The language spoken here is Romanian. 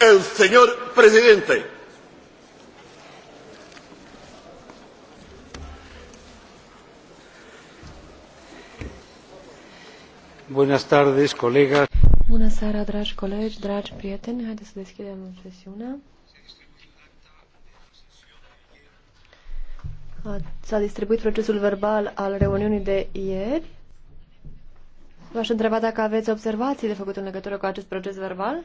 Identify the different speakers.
Speaker 1: el señor presidente.
Speaker 2: Buenas tardes, colegas.
Speaker 3: Bună seara, dragi colegi, dragi prieteni. Haideți să deschidem sesiunea.
Speaker 4: S-a distribuit procesul verbal al reuniunii de ieri. V-aș întreba dacă aveți observații de făcut în legătură cu acest proces verbal.